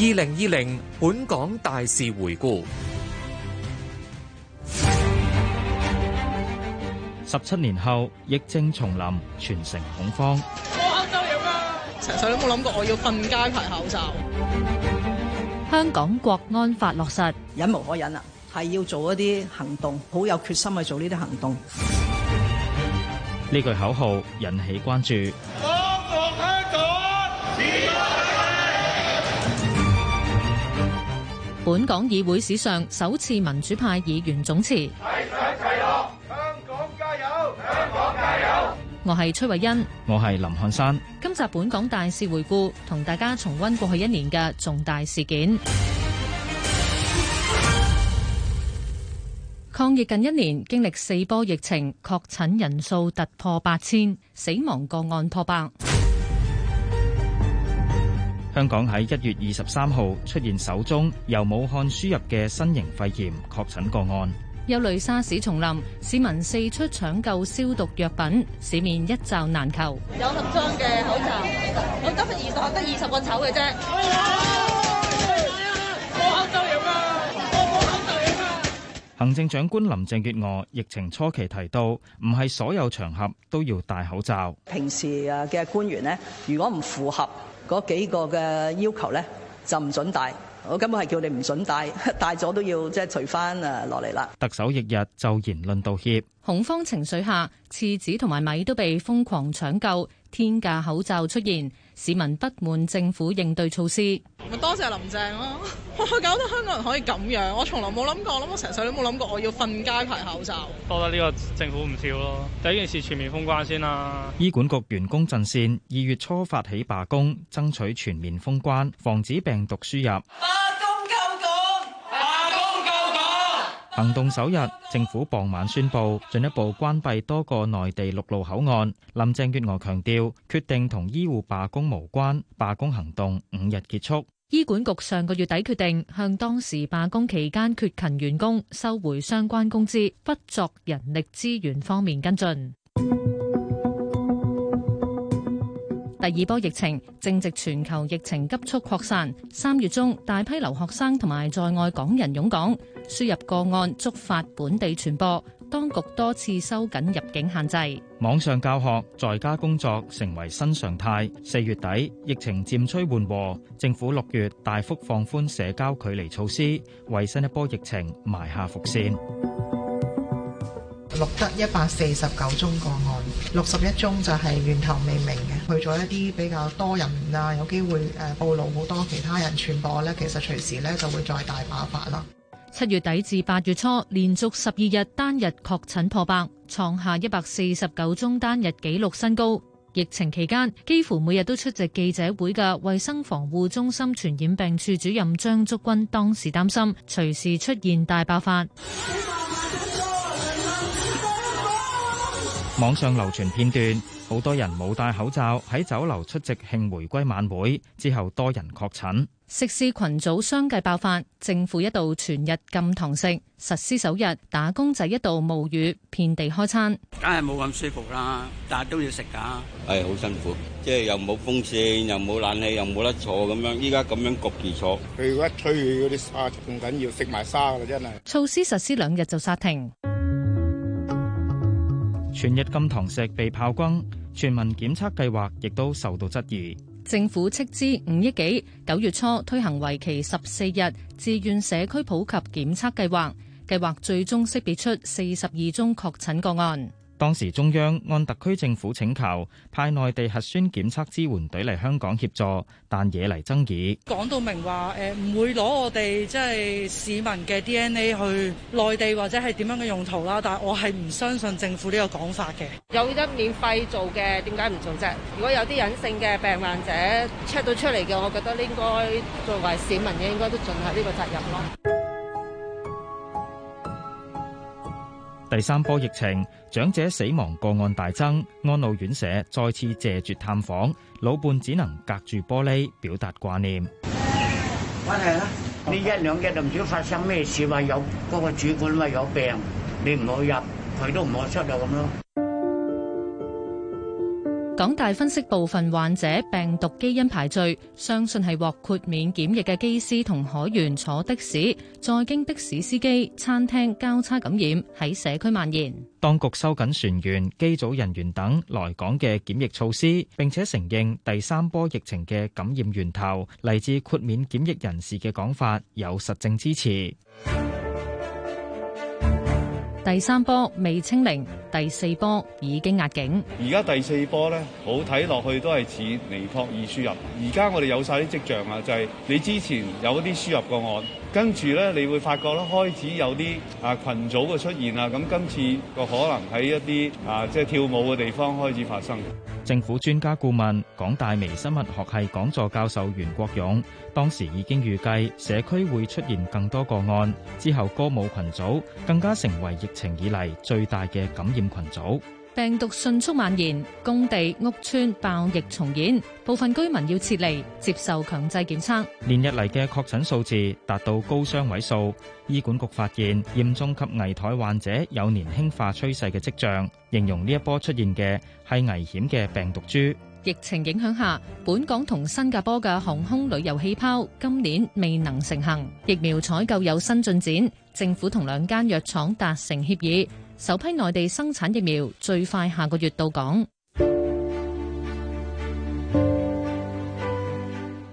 二零二零本港大事回顧。十七年後，疫症重臨，全城恐慌。哦，口罩有啊，成世都冇諗過我要瞓街排口罩。香港國安法落實，忍無可忍啊，係要做一啲行動，好有決心去做呢啲行動。呢句口號引起關注。本港議會史上首次民主派議員總辭齊上齊落，香港加油，香港加油！我係崔蔚恩，我係林漢山。今集本港大事回顧，同大家重溫過去一年嘅重大事件。 抗疫近一年，經歷四波疫情，確診人數突破八千，死亡個案破百。香港喺一月二十三號出現首宗由武漢輸入嘅新型肺炎確診個案。有雷沙士重臨，市民四出搶購消毒藥品，市面一罩難求。有盒裝嘅口罩，我今日二十，得二十個丑嘅啫。行政長官林鄭月娥疫情初期提到，唔係所有場合都要戴口罩。平時啊嘅官員呢，如果唔符合。嗰幾個嘅要求咧，就唔准戴。我根本係叫你唔准戴，戴咗都要即係除翻落嚟啦。特首翌日就言論道歉。恐慌情緒下，廁紙同埋米都被瘋狂搶購，天價口罩出現。市民不滿政府應對措施，咪多謝林鄭咯！我搞到香港人可以咁樣，我從來冇諗過，我諗我成世都冇諗過我要瞓街排口罩，多得呢個政府唔少咯。第一件事全面封關先啦。醫管局員工陣線二月初發起罷工，爭取全面封關，防止病毒輸入。行動首日，政府傍晚宣布進一步關閉多個內地陸路口岸。林鄭月娥強調，決定同醫護罷工無關，罷工行動五日結束。醫管局上個月底決定向當時罷工期間缺勤員工收回相關工資，不作人力資源方面跟進。第二波疫情正值全球疫情急速擴散，三月中大批留學生同埋在外港人湧港，輸入個案觸發本地傳播，當局多次收緊入境限制。網上教學、在家工作成為新常態。四月底疫情漸趨緩和，政府六月大幅放寬社交距離措施，為新一波疫情埋下伏線。錄得一百四十九宗個案，六十一宗就係源頭未明嘅，去咗一啲比較多人啊，有機會誒暴露好多其他人傳播呢，其實隨時呢就會再大爆發啦。七月底至八月初，連續十二日單日確診破百，創下一百四十九宗單日紀錄新高。疫情期間，幾乎每日都出席記者會嘅衛生防護中心傳染病處主任張竹君當時擔心隨時出現大爆發。 網上流傳片段，好多人冇戴口罩喺酒樓出席慶回歸晚會，之後多人確診。食肆群組相繼爆發，政府一度全日禁堂食，實施首日，打工仔一度冒雨遍地開餐，梗係冇咁舒服啦，但係都要食噶，係好辛苦，即係又冇風扇，又冇冷氣，又冇得坐咁樣，依家咁樣焗住坐，佢如果吹去嗰啲沙，仲緊要食埋沙噶啦，真係。措施實施兩日就煞停。全日禁堂食被炮轟，全民檢測計劃亦都受到質疑。政府斥資五億幾，九月初推行為期十四日自願社區普及檢測計劃，計劃最終識別出四十二宗確診個案。當時中央按特區政府請求派內地核酸檢測支援隊嚟香港協助，但惹嚟爭議。講到明話，誒唔會攞我哋即係市民嘅 DNA 去內地或者係點樣嘅用途啦。但係我係唔相信政府呢個講法嘅。有得免費做嘅，點解唔做啫？如果有啲隱性嘅病患者 check 到出嚟嘅，我覺得應該作為市民嘅，應該都盡下呢個責任咯。第三波疫情，長者死亡個案大增，安老院舍再次謝絕探訪，老伴只能隔住玻璃表達掛念。關係啦，呢一兩日就唔知發生咩事，話有嗰個主管話有病，你唔好入，佢都唔好出就咁咯。港大分析部分患者病毒基因排序，相信係獲豁免檢疫嘅機師同海員坐的士，再經的士司機、餐廳交叉感染喺社區蔓延。當局收緊船員、機組人員等來港嘅檢疫措施，並且承認第三波疫情嘅感染源頭嚟自豁免檢疫人士嘅講法，有實證支持。第三波未清零，第四波已經壓境。而家第四波咧，好睇落去都係似尼泊爾輸入。而家我哋有晒啲跡象啊，就係、是、你之前有啲輸入個案，跟住咧你會發覺咧開始有啲啊群組嘅出現啊。咁今次個可能喺一啲啊即係跳舞嘅地方開始發生。政府專家顧問、港大微生物學系講座教授袁國勇當時已經預計社區會出現更多個案，之後歌舞群組更加成為疫情以嚟最大嘅感染群組。病毒迅速蔓延，工地，首批內地生產疫苗最快下個月到港。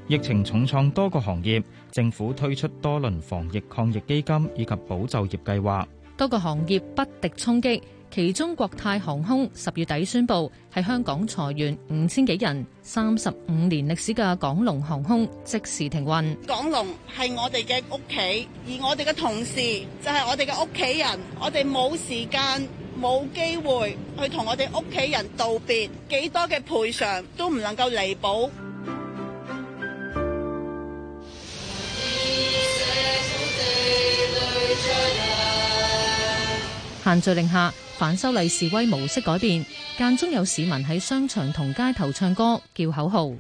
疫情重創多個行業，政府推出多輪防疫抗疫基金以及保就業計劃，多個行業不敵衝擊。其中，國泰航空十月底宣布喺香港裁員五千幾人；三十五年歷史嘅港龍航空即時停運。港龍係我哋嘅屋企，而我哋嘅同事就係我哋嘅屋企人。我哋冇時間、冇機會去同我哋屋企人道別，幾多嘅賠償都唔能夠彌補。限聚令下。反修例示威模式改變，間中有市民喺商場同街頭唱歌叫口號。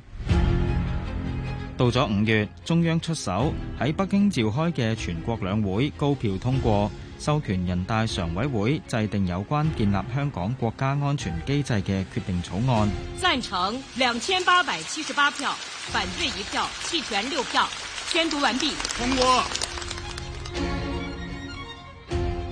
到咗五月，中央出手，喺北京召開嘅全國兩會，高票通過授權人大常委會制定有關建立香港國家安全機制嘅決定草案。贊成兩千八百七十八票，反對一票，棄權六票。宣讀完畢。通過。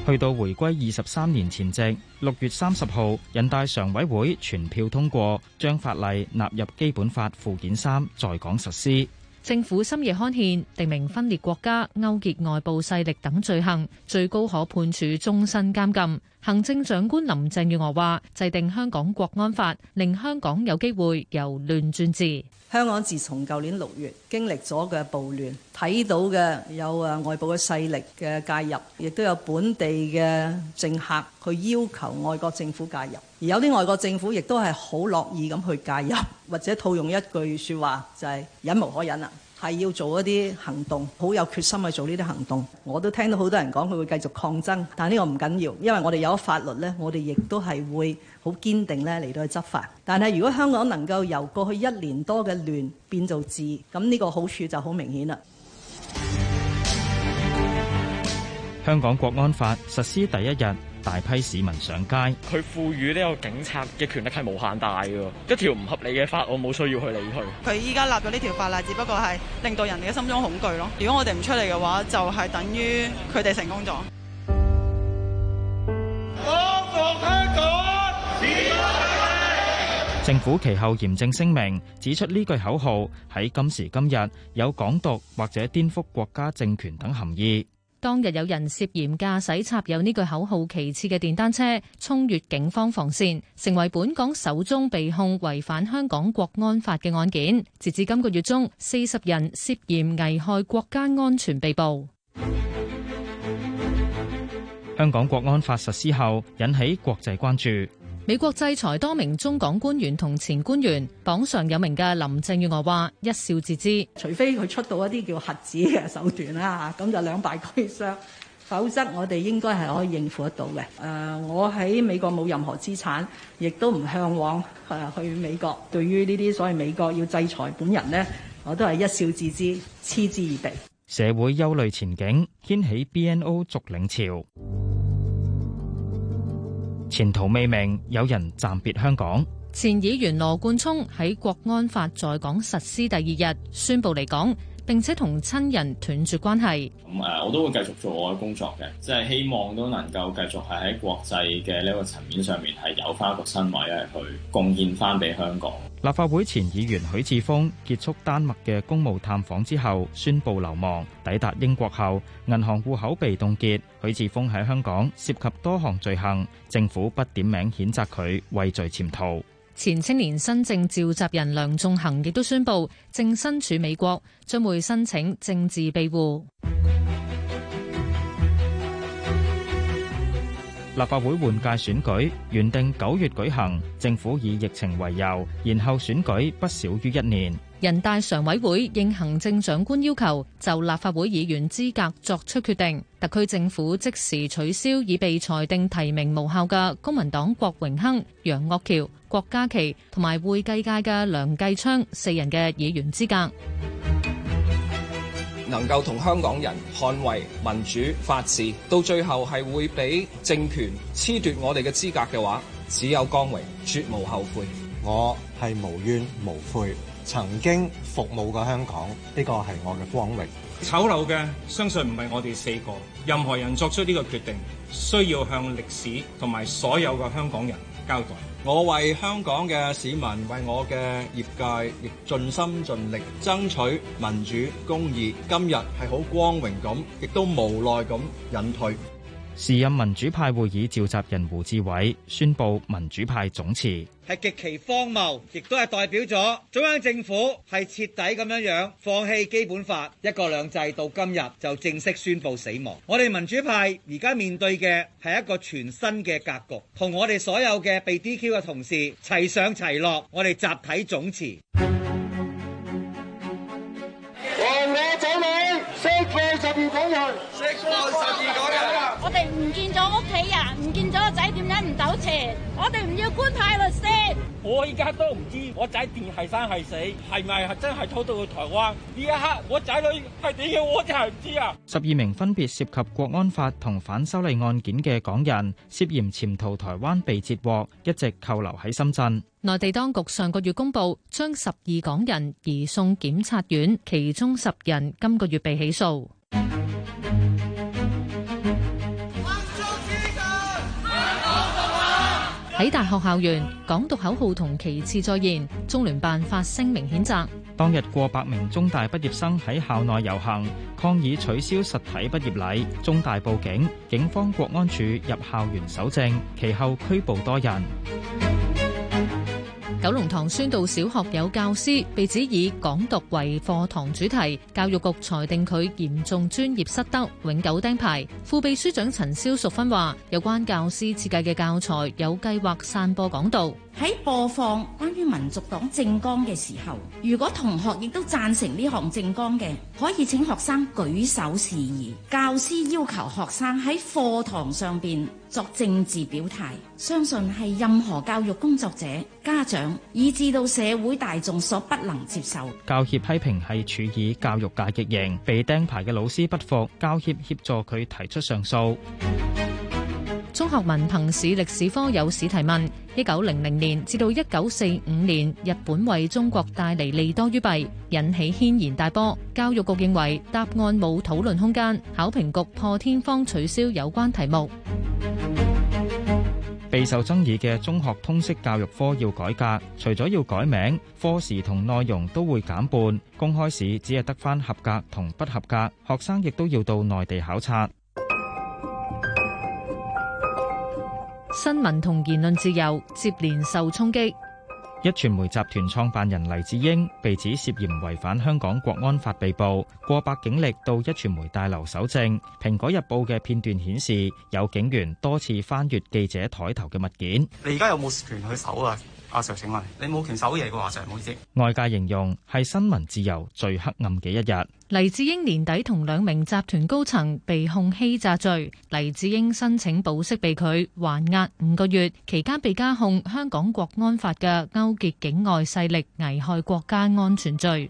去到回歸二十三年前夕，六月三十號人大常委會全票通過將法例納入基本法附件三，在港實施。政府深夜刊憲，定明分裂國家、勾結外部勢力等罪行，最高可判處終身監禁。行政長官林鄭月娥話：制定香港國安法，令香港有機會由亂轉治。香港自從舊年六月經歷咗嘅暴亂，睇到嘅有啊外部嘅勢力嘅介入，亦都有本地嘅政客去要求外國政府介入，而有啲外國政府亦都係好樂意咁去介入，或者套用一句說話，就係忍無可忍啦。係要做一啲行動，好有決心去做呢啲行動。我都聽到好多人講佢會繼續抗爭，但呢個唔緊要，因為我哋有法律呢，我哋亦都係會好堅定咧嚟到去執法。但係如果香港能夠由過去一年多嘅亂變做治，咁呢個好處就好明顯啦。香港國安法實施第一日。大批市民上街，佢賦予呢個警察嘅權力係無限大嘅，一條唔合理嘅法，我冇需要去理佢。佢依家立咗呢條法啦，只不過係令到人哋嘅心中恐懼咯。如果我哋唔出嚟嘅話，就係等於佢哋成功咗。光復香港，時代革命。政府其後嚴正聲明，指出呢句口號喺今時今日有港獨或者顛覆國家政權等含義。當日有人涉嫌駕駛插有呢句口號旗幟嘅電單車衝越警方防線，成為本港首宗被控違反香港國安法嘅案件。截至今個月中，四十人涉嫌危害國家安全被捕。香港國安法實施後，引起國際關注。美國制裁多名中港官員同前官員，榜上有名嘅林鄭月娥話：一笑置之。除非佢出到一啲叫核子嘅手段啦，咁就兩敗俱傷；否則我哋應該係可以應付得到嘅。誒、呃，我喺美國冇任何資產，亦都唔向往去美國。對於呢啲所謂美國要制裁本人呢，我都係一笑置之，嗤之以鼻。社會憂慮前景掀起 BNO 續領潮。前途未明，有人暫別香港。前議員羅冠聰喺《國安法》在港實施第二日，宣布離港，並且同親人斷絕關係。咁、嗯、誒，我都會繼續做我嘅工作嘅，即、就、係、是、希望都能夠繼續係喺國際嘅呢個層面上面係有翻個身位係去貢獻翻俾香港。立法會前議員許智峰結束丹麥嘅公務探訪之後，宣布流亡。抵達英國後，銀行戶口被凍結。許智峰喺香港涉及多項罪行，政府不點名譴責佢畏罪潛逃。前青年新政召集人梁頌恒亦都宣布，正身處美國，將會申請政治庇護。立法會換屆選舉，原定九月舉行，政府以疫情為由，然後選舉不少於一年。人大常委會應行政長官要求，就立法會議員資格作出決定。特區政府即時取消已被裁定提名無效的公民黨郭榮鏗、楊岳橋、郭家麒和會計界的梁繼昌四人的議員資格。能夠同香港人捍衛民主法治，到最後係會俾政權褫奪我哋嘅資格嘅話，只有光榮，絕無後悔。我係無怨無悔，曾經服務過香港，呢個係我嘅光榮。醜陋嘅，相信唔係我哋四個，任何人作出呢個決定，需要向歷史同埋所有嘅香港人交代。我為香港嘅市民，為我嘅業界，亦盡心盡力爭取民主公義。今日係好光榮咁，亦都無奈咁隱退。時任民主派會議召集人胡志偉宣布民主派總辭，係極其荒謬，亦都係代表咗中央政府係徹底咁樣樣放棄基本法一國兩制，到今日就正式宣布死亡。我哋民主派而家面對嘅係一個全新嘅格局，同我哋所有嘅被 DQ 嘅同事齊上齊落，我哋集體總辭。唔走邪，我哋唔要官派律師。我而家都唔知我仔定係生係死，係咪真係偷到去台灣？呢一刻我仔女係點嘅，我真係唔知啊！十二名分別涉及國安法同反修例案件嘅港人，涉嫌潛逃台灣被截獲，一直扣留喺深圳。內地當局上個月公布，將十二港人移送檢察院，其中十人今個月被起訴。喺大學校園，港獨口號同旗幟再現，中聯辦發聲明譴責。當日過百名中大畢業生喺校內遊行，抗議取消實體畢業禮，中大報警，警方國安處入校園搜證，其後拘捕多人。九龍塘宣道小學有教師被指以港獨為課堂主題，教育局裁定佢嚴重專業失德，永久釘牌。副秘書長陳蕭淑芬話：有關教師設計嘅教材有計劃散播港獨。喺播放關於民族黨政綱嘅時候，如果同學亦都贊成呢項政綱嘅，可以請學生舉手示意。教師要求學生喺課堂上邊作政治表態，相信係任何教育工作者、家長以至到社會大眾所不能接受。教協批評係處以教育界極刑，被釘牌嘅老師不服，教協協助佢提出上訴。中學文憑試歷史科有試題問1900新聞同言論自由，接連受衝擊。壹傳媒集團創辦人黎智英，被指涉嫌違反香港國安法被捕，過百警力到壹傳媒大樓搜證。蘋果日報的片段顯示，有警員多次翻閱記者枱頭的物件。你而家有冇權去搜呀？阿 Sir，請問你冇權守夜嘅話就唔好意思。外界形容係新聞自由最黑暗嘅一日。黎智英年底同兩名集團高層被控欺詐罪，黎智英申請保釋被拒，還押五個月，期間被加控香港國安法嘅勾結境外勢力危害國家安全罪。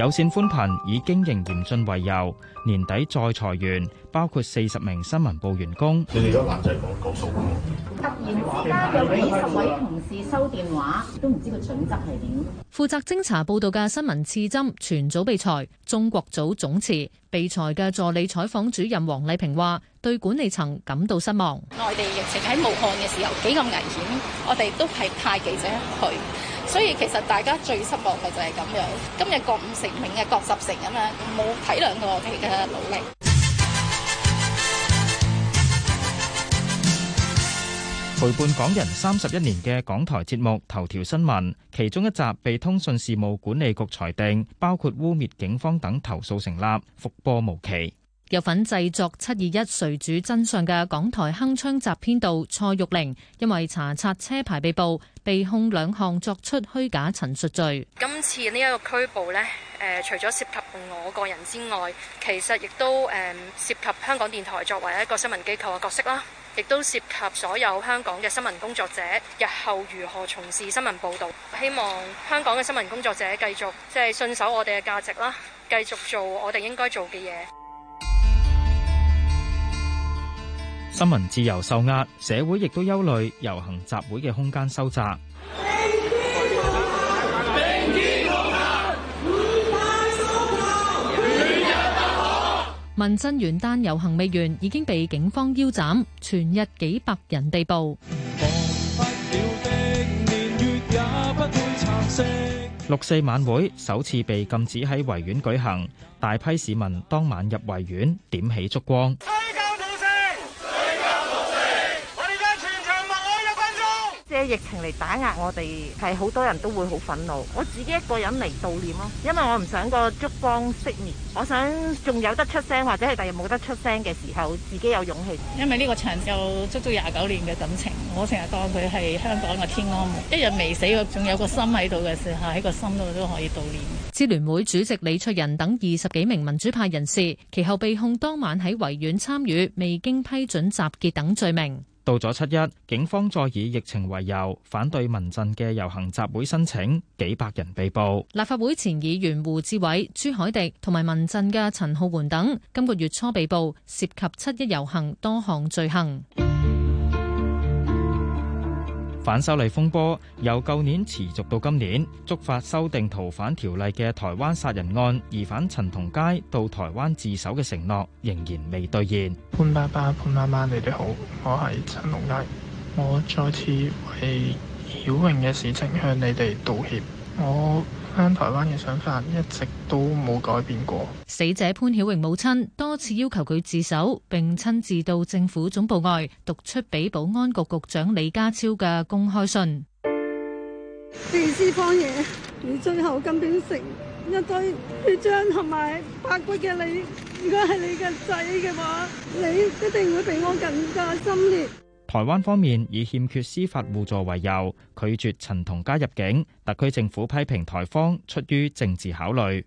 有線寬頻以經營嚴峻為由，年底再裁員，包括四十名新聞部員工。你哋而家限制個個數啊！突然之間有幾十位同事收電話，都唔知個準則係點。負責偵查報道嘅新聞刺針全組被裁，中國組總辭被裁嘅助理採訪主任黃麗萍話，對管理層感到失望。內地疫情喺武漢嘅時候幾咁危險，我哋都係派記者去。所以其實大家最失望嘅就係咁樣，今日各五成，明日各十成咁樣，冇體諒過我哋嘅努力。陪伴港人三十一年嘅港台節目《頭條新聞》，其中一集被通訊事務管理局裁定包括污蔑警方等投訴成立，復播無期。有份製作《七二一誰主真相》嘅港台鏗鏘集編導蔡玉玲，因為查冊車牌被捕，被控兩項作出虛假陳述罪。今次呢一個拘捕呢，誒，除咗涉及我個人之外，其實亦都誒涉及香港電台作為一個新聞機構嘅角色啦，亦都涉及所有香港嘅新聞工作者日後如何從事新聞報導。希望香港嘅新聞工作者繼續即係信守我哋嘅價值啦，繼續做我哋應該做嘅嘢。新聞自由受壓，社會亦都憂慮遊行集會嘅空間收窄。民陣元旦遊行未完，已經被警方腰斬，全日幾百人被捕。六四晚會首次被禁止喺維園舉行，大批市民當晚入維園點起燭光。借疫情嚟打壓我哋，係好多人都會好憤怒。我自己一個人嚟悼念咯，因為我唔想個燭光熄滅，我想仲有得出聲，或者係第日冇得出聲嘅時候，自己有勇氣。因為呢個長有足足廿九年嘅感情，我成日當佢係香港嘅天安門。一日未死，我仲有個心喺度嘅時候，喺個心度都可以悼念。支聯會主席李卓人等二十幾名民主派人士，其後被控當晚喺維園參與未經批准集結等罪名。到咗七一，警方再以疫情為由反對民陣嘅遊行集會申請，幾百人被捕。立法會前議員胡志偉、朱海迪同埋民陣嘅陳皓桓等，今個月初被捕，涉及七一遊行多項罪行。反修例風波由舊年持續到今年，觸發修訂逃犯條例嘅台灣殺人案，疑犯陳同佳到台灣自首嘅承諾仍然未兌現。潘爸爸、潘媽媽，你哋好，我係陳同佳，我再次為曉穎嘅事情向你哋道歉。我翻台灣嘅想法一直都冇改變過。死者潘曉穎母親多次要求佢自首，並親自到政府總部外讀出俾保安局局長李家超嘅公開信。死屍荒野，你最後根本成一堆血漿同埋白骨嘅你。如果係你嘅仔嘅話，你一定會比我更加心裂。台灣方面以欠缺司法互助為由，拒絕陳同佳入境。特區政府批評台方出於政治考慮。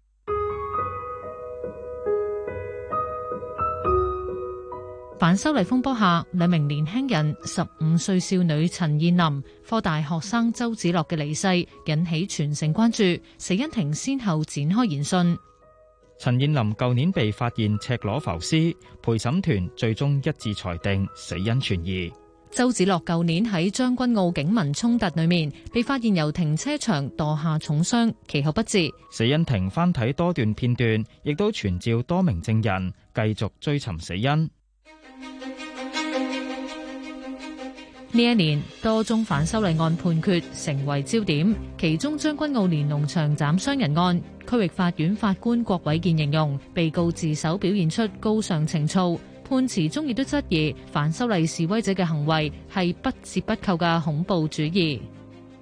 反修例風波下，兩名年輕人，十五歲少女陳彥霖、科大學生周梓樂嘅離世引起全城關注。死因庭先後展開研訊。陳彥霖舊年被發現赤裸浮屍，陪審團最終一致裁定死因存疑。周梓樂舊年喺將軍澳警民衝突裏面，被發現由停車場墮下重傷，其後不治。死因庭翻睇多段片段，亦都傳召多名證人，繼續追尋死因。呢一年多宗反修例案判決成為焦點，其中將軍澳連儂牆斬傷人案，區域法院法官郭偉健形容被告自首表現出高尚情操。判詞中亦都質疑反修例示威者嘅行為係不折不扣嘅恐怖主義。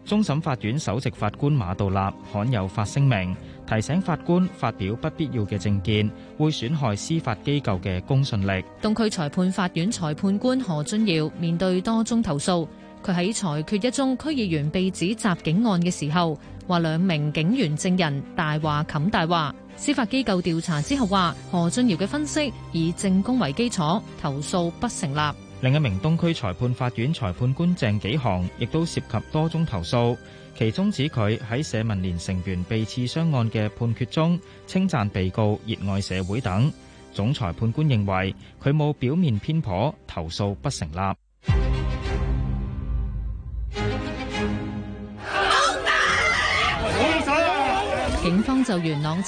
終審法院首席法官馬道立罕有發聲明，提醒法官發表不必要嘅政見，會損害司法機構嘅公信力。東區裁判法院裁判官何俊堯面對多宗投訴，佢喺裁決一宗區議員被指襲警案嘅時候，話兩名警員證人大話冚大話。司法機構調查之後話，何俊堯嘅分析以證供為基礎，投訴不成立。另一名東區裁判法院裁判官鄭紀航亦都涉及多宗投訴，其中指佢喺社民連成員被刺傷案嘅判決中，稱讚被告熱愛社會等。總裁判官認為佢冇表面偏頗，投訴不成立。警方就元朗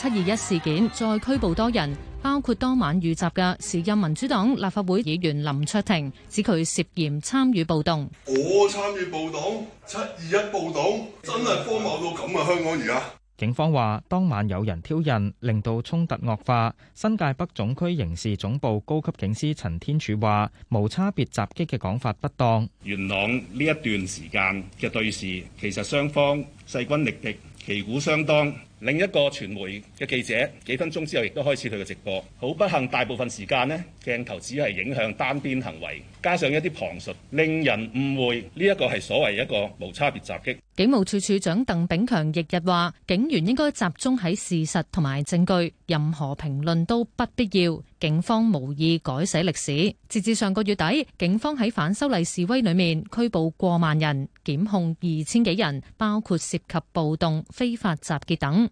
另一個傳媒嘅記者，幾分鐘之後亦都開始佢嘅直播。好不幸，大部分時間鏡頭只係影向單邊行為。加上一啲旁述，令人誤會，呢一個係所謂一個無差別襲擊。警務處處長鄧炳強翌日話：警員應該集中喺事實同埋證據，任何評論都不必要。警方無意改寫歷史。截至上個月底，警方喺反修例示威裏面拘捕過萬人，檢控二千幾人，包括涉及暴動、非法集結等。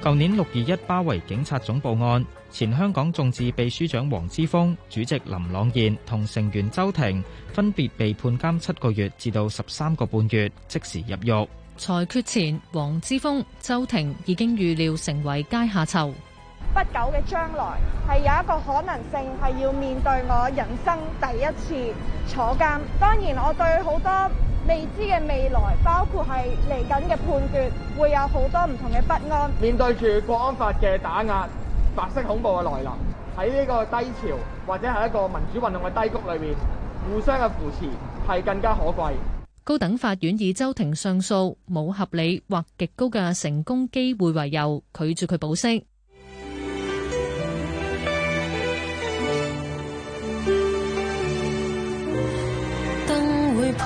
舊年六二一包圍警察總部案，前香港眾志秘書長黃之鋒、主席林朗彥同成員周庭分別被判監七個月至到十三個半月，即時入獄。裁決前，黃之鋒、周庭已經預料成為階下囚。不久嘅將來，係有一個可能性係要面對我人生第一次坐監。當然，我對好多。未知嘅未來，包括係嚟緊嘅判決，會有好多唔同嘅不安。面對住國安法嘅打壓、白色恐怖嘅來臨，喺呢個低潮或者係一個民主運動嘅低谷裏面，互相嘅扶持係更加可貴。高等法院以周庭上訴冇合理或極高嘅成功機會為由，拒絕佢保釋。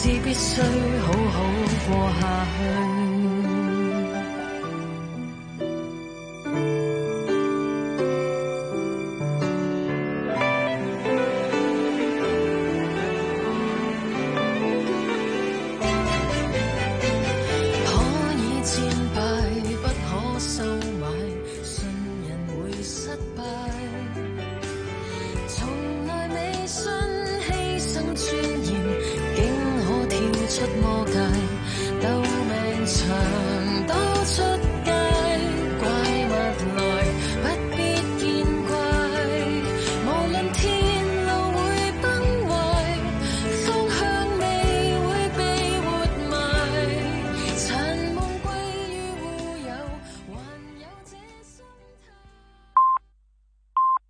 是必須好好過下去。